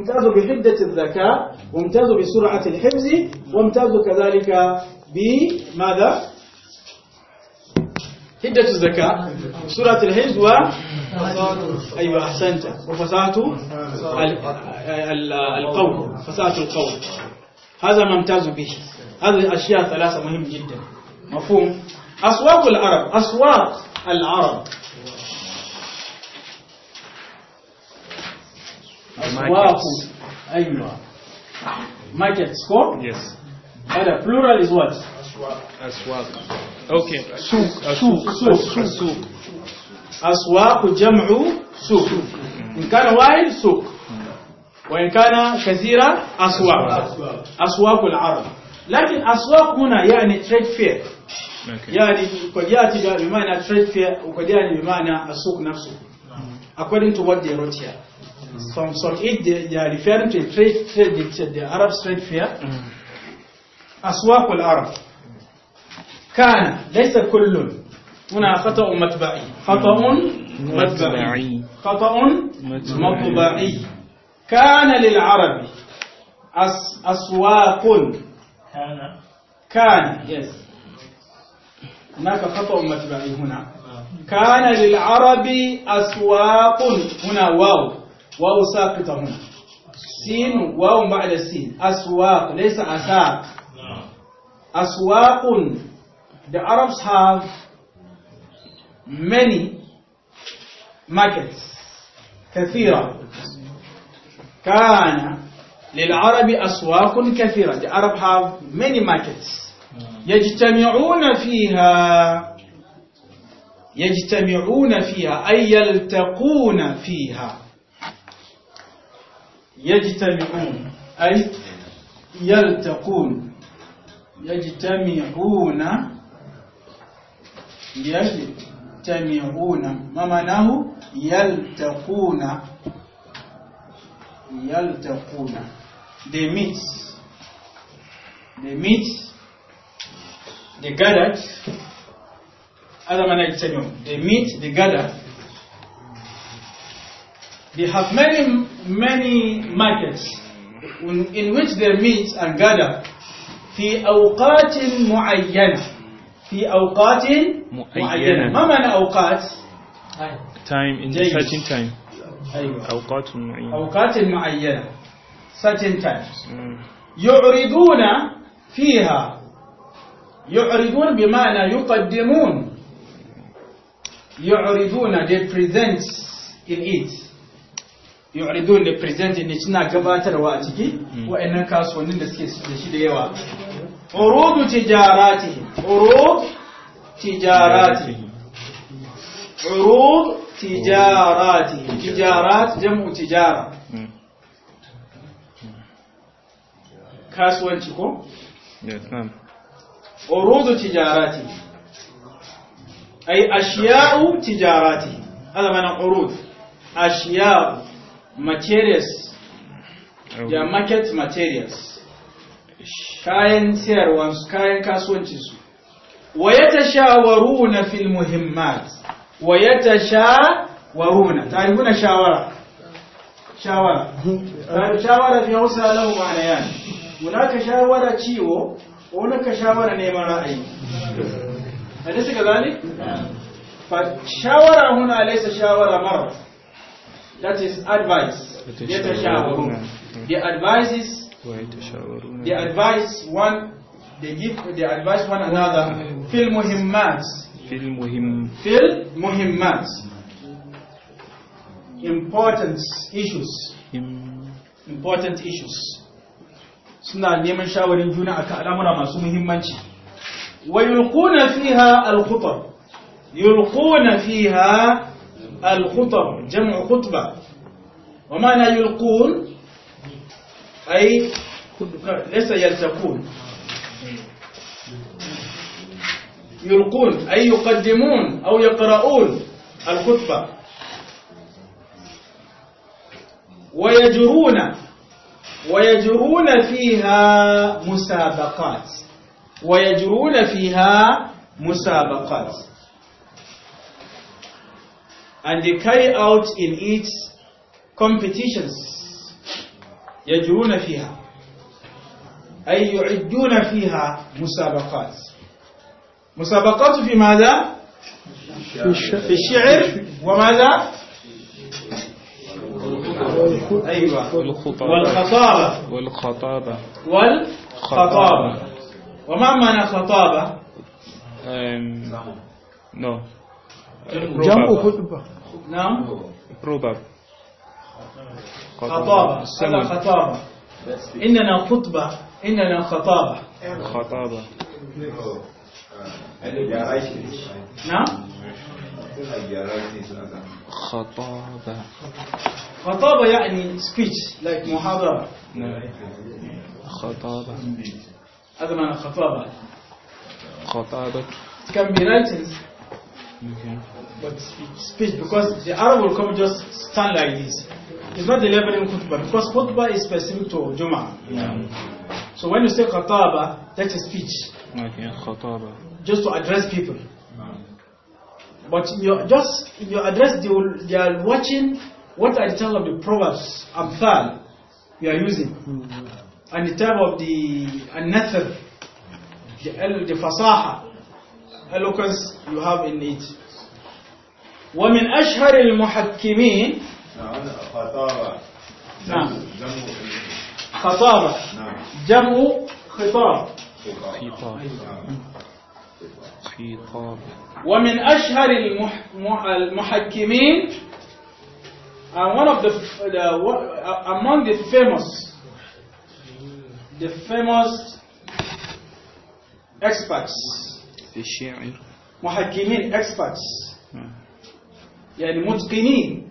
امتازوا بحدة الذكاء وامتازوا بسرعة الحفظ وامتازوا كذلك بماذا؟ حدة الذكاء سرعة الحفظ و أيوة أحسنت وفساعة القول فصاحة القول هذا ما امتازوا به هذه الأشياء ثلاثة مهمة جدا مفهوم أصوات العرب أصوات العرب Wafu. Aimwa. Market score? Yes. And the plural is what? Aswaq. Okay. Souk. Souk. Souk. Souk. Aswaq jam'u souk. إن كان واحد سوق وإن كان كثيرا أسواق أسواق العرب لكن أسواق هنا يعني تريد فير يعني قد يأتي بمعنى تريد فير وقد يعني بمعنى السوق نفسه according to what they wrote here From Psalm 8, they, they are referring to a trade, trade the, the Arab trade fair. أسواق العرب كان ليس كل هنا خطأ متبعي خطأ متبعي خطأ متبعي كان للعرب أسواق كان كان yes هناك خطأ متبعي هنا كان للعرب أسواق هنا واو واو ساقطة هنا سين واو بعد السين أسواق ليس أساق أسواق The Arabs have many markets كثيرة كان للعرب أسواق كثيرة The Arab have many markets يجتمعون فيها يجتمعون فيها أي يلتقون فيها yajtami'un ay yaltaqun yajtami'una yajtami'una mamanahu yaltaquna yaltaquna they meet they meet they gathered they meet they gather They have many, many markets in, which they meet and gather. في أوقات معينة. في أوقات معينة. ما معنى أوقات؟ Time in جيد. certain time. أوقات معينة. أوقات معينة. Certain times. يعرضون فيها يعرضون بمعنى يقدمون يعرضون they present in it yu'ridun da presenting ne suna gabatarwa a ciki hmm. wa'annan kasuwannin da suke da shi da yawa urudu tijarati urud tijarati urud tijarati tijarat jam'u tijara kasuwanci ko yes ma'am urudu tijarati ay ashiya'u tijarati hada mana urud ashiya'u materials their market materials kayan su kayan kasuwancinsu wa ya tashawaruna fil muhimmat wa Ta tashawaruna na shawara shawara shawara fi hausa lahu ma'ana yani ka shawara ciwo ka shawara neman ra'ayi hadisi ka ga fa shawara huna laisa shawara mara. That is advice. The advice is the advice one they give the advice one another. Fil muhimmat. Fil muhim. Fil muhimmat. Important issues. Important issues. Suna neman shawarin juna akan al'amura masu muhimmanci. Wa yulquna fiha al-khutab. Yulquna fiha الخطب جمع خطبة ومعنى يلقون أي ليس يلتقون يلقون أي يقدمون أو يقرؤون الخطبة ويجرون ويجرون فيها مسابقات ويجرون فيها مسابقات and they carry out in it competitions يجرون فيها أي يعدون فيها مسابقات مسابقات في ماذا؟ في الشعر وماذا؟ أيوة والخطابة والخطابة والخطابة وما معنى خطابة؟ نو جمع خطبة نعم خطبة خطابة هذا خطابة إننا خطبة إننا خطابة خطابة نعم خطابة خطابة يعني speech like محاضرة خطابة هذا معنى خطابة خطابة it can be written Okay. But speech, because the Arab will come just stand like this. It's not the level in khutbah, because khutbah is specific to Juma. Yeah. So when you say khataba, that's a speech. Okay, khataba. Just to address people. Yeah. But in your, just in your address, they, will, they are watching what are the terms of the proverbs, amthal, you are using. Mm -hmm. And the term of the an the, the fasaha, eloquence you have in it. ومن أشهر المحكمين نعم خطابة جمع خطاب خطاب ومن أشهر المحكمين and one of the, the among the famous the famous experts في الشعر محكمين experts يعني متقنين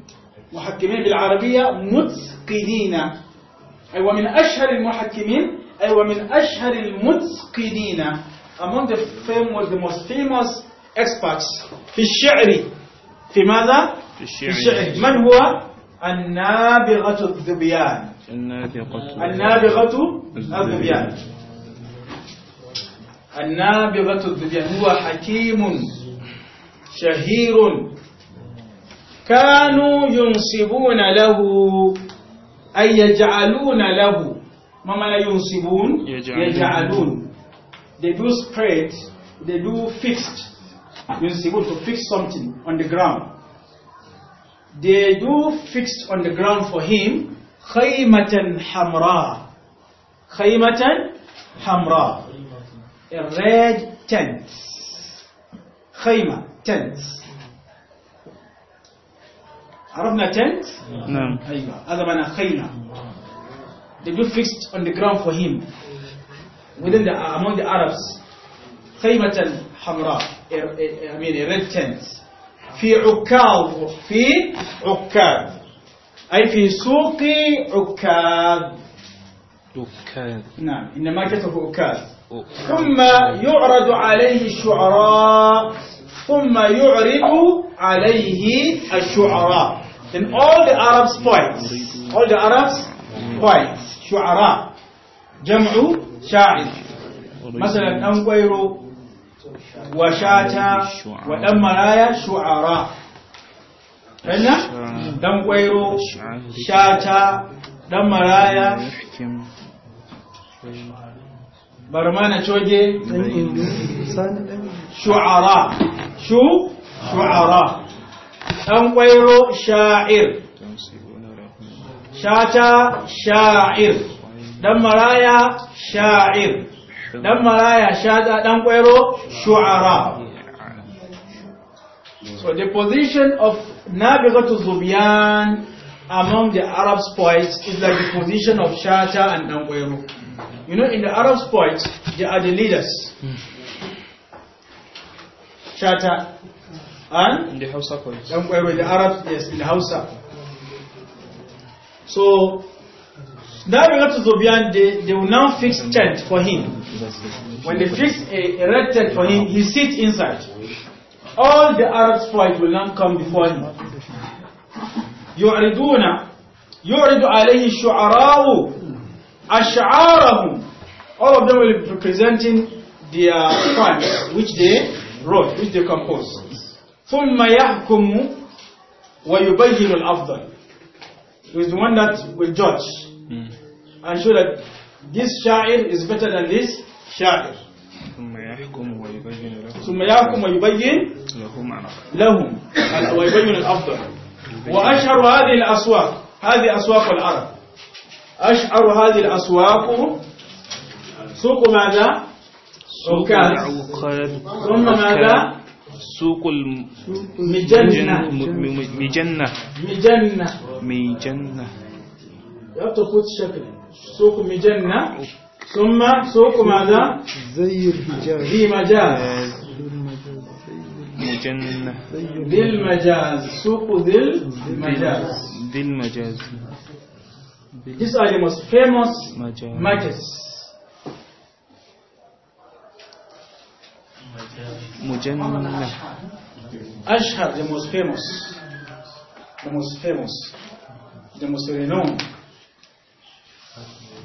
محكمين بالعربية متقنين أي ومن أشهر المحكمين أي ومن أشهر المتقنين among the famous the most famous experts في الشعر في ماذا؟ في الشعر, في الشعر. من هو؟ النابغة الذبيان النابغة الذبيان النابغة الذكية هو حكيم شهير كانوا ينسبون له أي يجعلون له ما معنى ينسبون يجعلون they do spread they do fixed ينسبون to fix something on the ground they do fixed on the ground for him خيمة حمراء خيمة حمراء الريج tent خيمة tent عرفنا tent نعم أيوة هذا معنى خيمة they be fixed on the ground for him within the among the Arabs خيمة حمراء I mean a red tent في عكاظ في عكاظ أي في سوق عكاظ عكاظ نعم إنما كتب عكاظ ثم يعرض عليه الشعراء ثم يعرض عليه الشعراء in all the Arabs poets all the Arabs poets شعراء جمع شاعر مثلا أنقير وشاتا ودم مرايا شعراء فهمنا؟ دم غيره شاتا دم مرايا barmana coge shu'ara shu shu'ara ɗan ƙwairo sha'ir Shacha, sha'ir ɗan maraya sha'ir ɗan maraya shata ɗan shu'ara So the position of Nabigatu Zubiyan among the Arab poets is like the position of Shacha and Dangwero. You know, in the Arab's point, they are the leaders. Shata. And? In the Hausa point, And where the Arabs, yes, in the Hausa. So, now we go to Zobian, they, they will now fix tent for him. When they fix a, a red tent for him, he sits inside. All the Arabs' point will now come before him. يعرضون يعرض عليه الشعراء أشعارهم all of them will be presenting their crimes which they wrote, which they composed. ثم يحكم ويبين الأفضل is the one that will judge mm. and show that this sha'ir is better than this sha'ir. ثم يحكم ويبين لهم ويبين الأفضل وأشهر هذه الأسواق هذه أسواق العرب أشهر هذه الأسواق سوق ماذا سوق عكاز ثم ماذا سوق المجنة مجنة مجنة مجنة يبقى خد شكل سوق مجنة ثم سوق ماذا زي المجاز زي مجاز مجنة ذي المجاز سوق ذي المجاز ذي المجاز These are the most famous markets. Mujannah. Ashhab, the most famous. The most famous. The most renowned.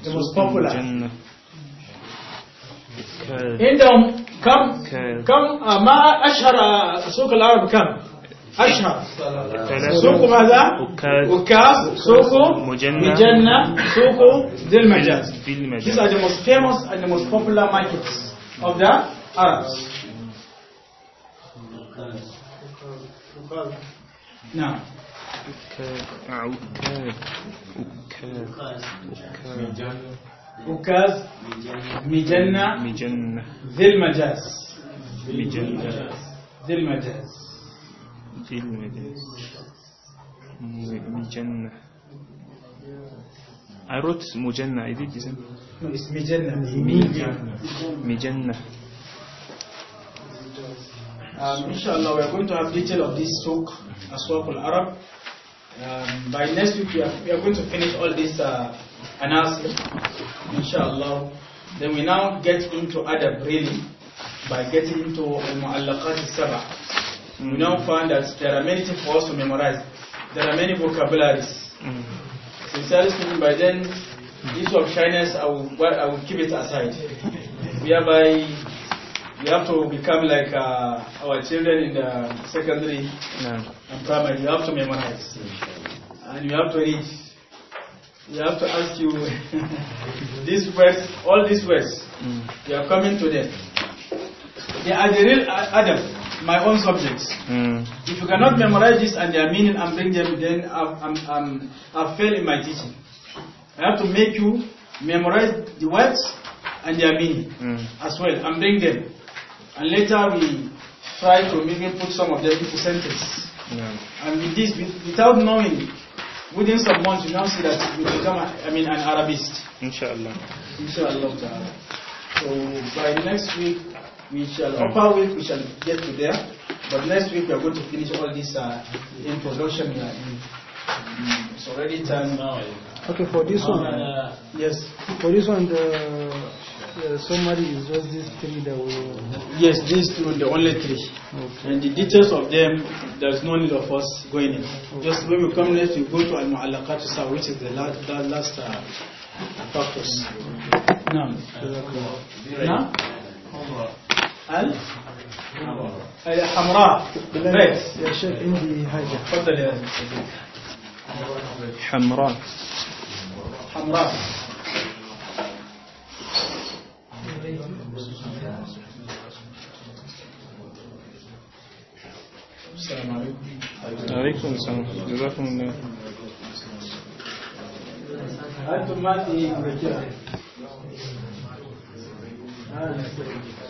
The most popular. Come, عندهم كم كم ما أشهر Arab العرب كم أشهر سوق ماذا وكاس سوق مجنة سوق ذي المجاز These are the most famous and the most popular markets of the Arabs نعم مجنة مجنة ذي المجاز مجنة ذي المجاز ذي المجاز مجنة I wrote مجنة I did it? مجنة مجنة مجنة Um, inshallah, we are going to have detail of this talk, for Arab. Um, by next week, we are, we are, going to finish all this uh, analysis, inshallah. Then we now get into adab really by getting into al-mu'allaqat al-sabah. We now find that there are many things for us to memorize. There are many vocabularies. Sincerely speaking, by then, issue of shyness, I will, I will keep it aside. Whereby we have to become like uh, our children in the secondary and primary. You have to memorize. And you have to read. You have to ask you these words, all these words, mm. you are coming to them. They are the real Adam, my own subjects. Mm. If you cannot memorize this and their meaning and bring them, then i fail in my teaching. I have to make you memorize the words and their meaning mm. as well and bring them. And later we try to maybe put some of them into centers. Yeah. And with this, without knowing, within some months, you now see that we become, I mean, an Arabist. Inshallah. Inshallah. So by next week, we shall, oh. upper week, we shall get to there. But next week, we are going to finish all this uh, introduction. Uh, in, um, it's already time now. Okay, for this uh, one. Uh, yes. For this one, the. summary is just these three that we... Yes, these two, the only three. Okay. And the details of them, there's no need of us going in. Okay. Just when we come next, we go to Al-Mu'allaqat which is the last, the last uh, purpose. No. No? Al? حمراء red يا شيخ عندي حاجة تفضل يا حمراء حمراء السلام عليكم وعليكم السلام جزاكم الله خير أنتم ما تيجوا